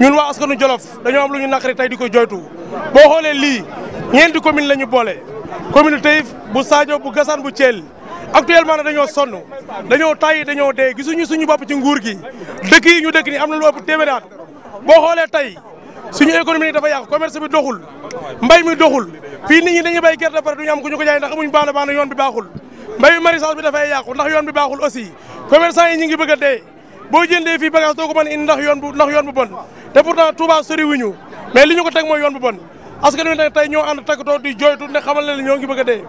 ñun waa askanu Jolof dañoo am lu ñu naqari tey di ko joytu boo xoolee lii ñeenti commune la ñu boole commune Taïf bu Sadio bu Gassane bu Thiel actuellement nag dañoo sonn dañoo tàyyi dañoo dee gisuñu suñu bopp ci nguur gi dëkk ñu dëkk ni am na lu ëpp téeméeri boo xoolee tey suñu économie ni dafa yàqu commerce bi doxul mbay mi doxul fii nit ñi dañuy bay gerte ba pare du ñu am ku ñu ko jaay ndax amuñu baana baana yoon bi baaxul mbay mi maraîchage bi dafa yàqu ndax yoon bi baaxul aussi commerçant yi ñu ngi bëgg a dee boo jëndee fii bagage doo ko mën indi ndax yoon bu ndax yoon bu bon te pourtant Touba sori mais li ñu ko teg mooy yoon bu bon askan wi nag tey ñoo ànd takkatoo di jooytu ne xamal ne ñoo ngi bëgg a dee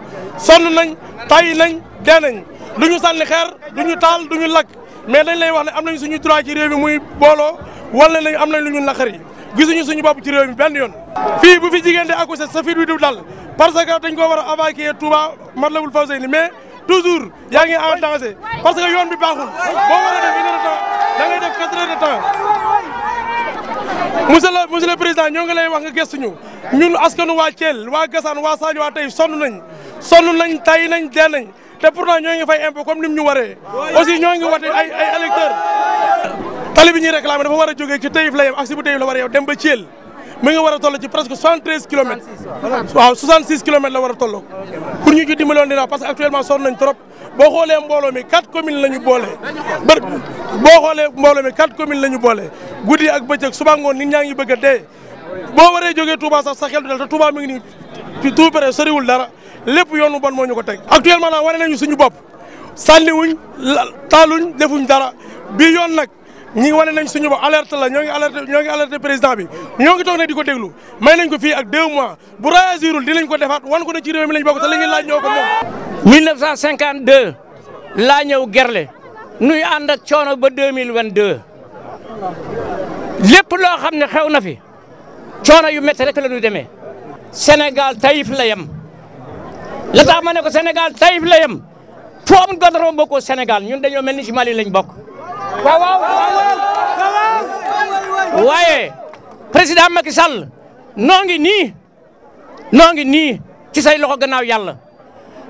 sonn nañ tàyyi nañ dee nañ du ñu sànni xeer du ñu taal du ñu lakk mais dañ lay wax ne am nañ suñu droit ci réew muy booloo wala nañ am na ñu lu ñu naqari gisuñu suñu bopp ci réew mi benn yoon fii bu fi jigéen di accouché sa fiit wi a évacuer Touba Matlaboul Fawzeyni mais toujours yaa ngi en danger parce que yoon bi baaxul boo war a def une heure de temps da ngay def de temps monsieur le président ñoo ngi lay wax nga gestuñu ñu ñun askanu waa Thiel waa Gassane waa Sadio waa tey sonn nañ sonn nañ tay nañ dee nañ te pourtant ñoo ngi fay impôt comme ni ñu waree aussi ñoo ngi wate ay ay électeurs tali bi ñuy réclamer dafa jógee ci Taïf la yem ak si bu Taïf la war a yow dem ba Thiel mi ngi war a toll ci presque 73 kilomètres. waaw 66 kilomètres la war a toll. pour ñu ci dimbali woon dina parce que actuellement sonn nañ trop boo xoolee mbooloo mi quatre communes la ñu boo xoolee mbooloo mi quatre communes la ñu boole guddi ak bëccëg suba ngoon ñaa ngi bëgg a dee boo waree jógee Touba sax sa xel du dal te Touba mi ngi nii ci tout près soriwul dara lépp yoonu bon moo ñu ko teg. actuellement nag wane nañu suñu bopp dara bi yoon nag. ñi wane nañ suñu bopp alerte la ñoo ngi alerte ñoo ngi alerte président bi ñoo ngi toog nag di ko déglu may nañ ko fii ak deux mois bu réagirul dinañ ko defaat wan ko na ci réew mi lañ bokk te li ñu laaj ñoo ko moom. laa ñëw Gerle nuy ànd ak coono ba 2022 lépp loo xam ne xew na fi coono yu métti rek la ñuy demee. Sénégal tayif la yem la tax ma ne ko Sénégal tayif la yem foo am goudron bokkoo Sénégal ñun dañoo mel ni ci Mali lañ bokk. waaw waaw waaye président Macky Sall noo ngi nii noo ngi nii ci say loxo gannaaw yàlla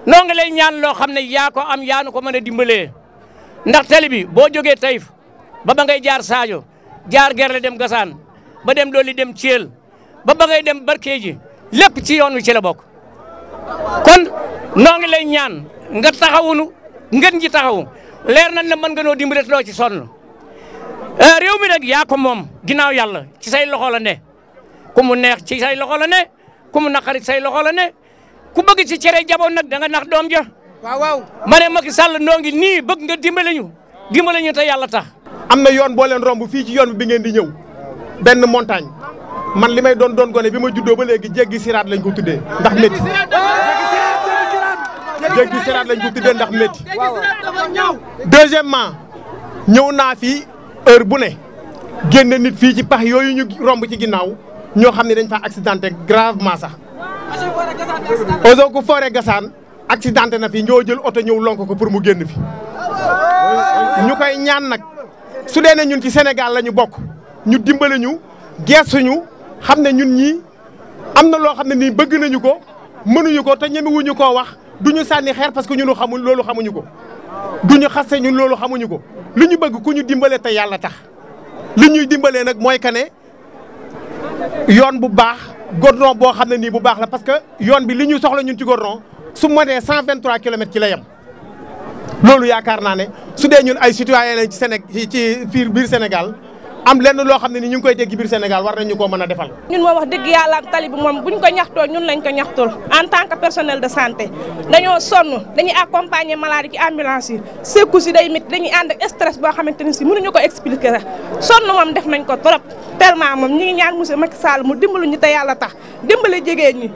noo ngi lay ñaan loo xam ne yaa am yaa ko mën a dimbalee ndax tali bi boo jógee Taïf ba ba ngay jaar Sadio jaar Gerle dem Gassane ba dem Doli dem Thiel ba ba ngay dem Barkeeji lépp ci yoon wi ci la bokk kon noo ngi lay ñaan nga taxawunu ngën ji taxawu leer nañ na mën nga noo dimbali doo ci sonn eh, réew mi nag yaa ko moom ginnaaw yàlla ci say loxo la ne ku mu neex ci say loxo la ne ku mu naqari say loxo la ne ku bëgg ci cere jaboon nag da nax doom ja waawaw waaw ma ne Macky Sall noo ngi nii bëgg nga dimbali ñu dimbali ñu te yàlla tax. am na yoon boo leen romb fii ci yoon bi ngeen di ñëw benn montagne man li may doon doon gone bi ma juddoo ba léegi jéggi siraat lañ ko tuddee ndax métti. jéggi siraat lañ ko tuddee ndax métti. deuxièmement ñëw naa fi heure bu ne génne nit fii ci pax yooyu ñu romb ci ginnaaw ñoo xam ne dañ fa accidenté gravement sax. Eaux et Forêts Gassane accidenté na fi ñoo jël oto ñëw lonk ko pour mu génn fi ñu koy ñaan nag su dee ne ñun ci Sénégal la ñu bokk ñu dimbale ñu geesuñu xam ne ñun ñii am na loo xam ne nii bëgg nañu ko mënuñu ko te ñemewuñu ko wax du ñu sànni xeer parce que ñun xamul loolu xamuñu ko du ñu xaste ñun loolu xamuñu ko li ñu bëgg ku ñu dimbale te yàlla tax li ñuy dimbalee nag mooy que ne yoon bu baax goudron boo xam ne nii bu baax la parce que yoon bi li ñu soxla ñun ci goudron su modee cent vingt trois kilomètres ci la yem loolu yaakaar naa ne su dee ñun ay citoyen lañ ci Séné ci biir Sénégal am lenn loo xam ne ni ñu ngi koy dégg biir Sénégal war nañu koo mën a defal. ñun moo wax dëgg yàlla ak tali bi moom buñ ko ñaxtoo ñun lañ ko ñaxtul en tant que personnel de santé dañoo sonn dañuy accompagner malade ci ambulance yi mit dañuy ànd ak boo xamante ne si mënuñu ko expliquer la sonn moom def nañ ko trop tellement moom ñu ñaan monsieur Macky Sall mu dimbalu ñu te yàlla tax dimbali jigéen ñi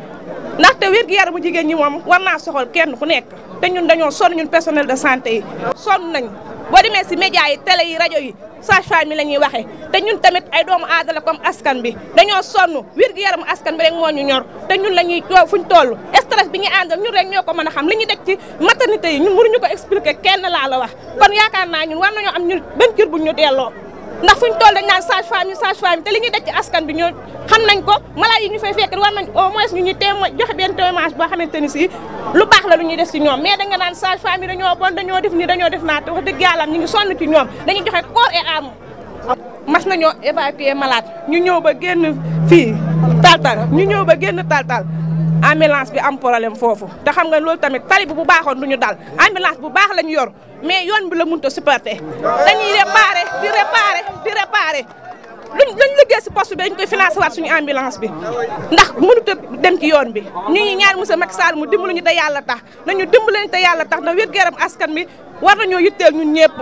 ndaxte wér gi yaramu jigéen ñi moom war naa soxal kenn ku nekk te ñun dañoo sonn ñun personnel de santé yi sonn nañ boo demee si média yi télé yi rajo yi sage-femme yi la ñuy waxee te ñun tamit ay doomu aada la askan bi dañoo sonn wér gu yaram askan bi rek moo ñu ñor te ñun la ñuy fuñ toll stress bi ñu àndal ñun rek ñoo ko mën a xam li ñu daj ci maternité yi ñun mënuñu ko expliquer kenn laa la wax kon yaakaar naa ñun war nañoo am ñun benn kër buñ ñu delloo ndax fuñ toll dañ naan sage-femme yi sage te li ñuy daj ci askan bi ñoo xam nañ ko malade yi ñu fay fekk war nañ au moins ñu ñu témoin joxe benn témoignage boo xamante ni si lu baax la lu ñuy def si ñoom mais danga naan sage-femme yi dañoo bon dañoo def nii dañoo def naa te wax dëgg yàlla ñu ngi sonn ci ñoom dañuy joxe ñu ñëw ba génn fii taltal ñu ñëw ba génn taltal ambulance bi am problème foofu te xam nga loolu tamit tali bi bu baaxoon du ñu dal ambulance bu baax lañu yor mais yoon bi la mënut a supporter dañuy réparer di réparer di réparer luñ luñ liggéey si poste bi dañ koy financé waat suñu ambulance bi ndax mënut a dem ci yoon bi ñu ngi ñaan monsieur Macky Sall mu dimbaluñu te yàlla tax nañu dimbalañ te yàlla tax na wér-gu-yaram askan bi war na ñu yitteel ñun ñëpp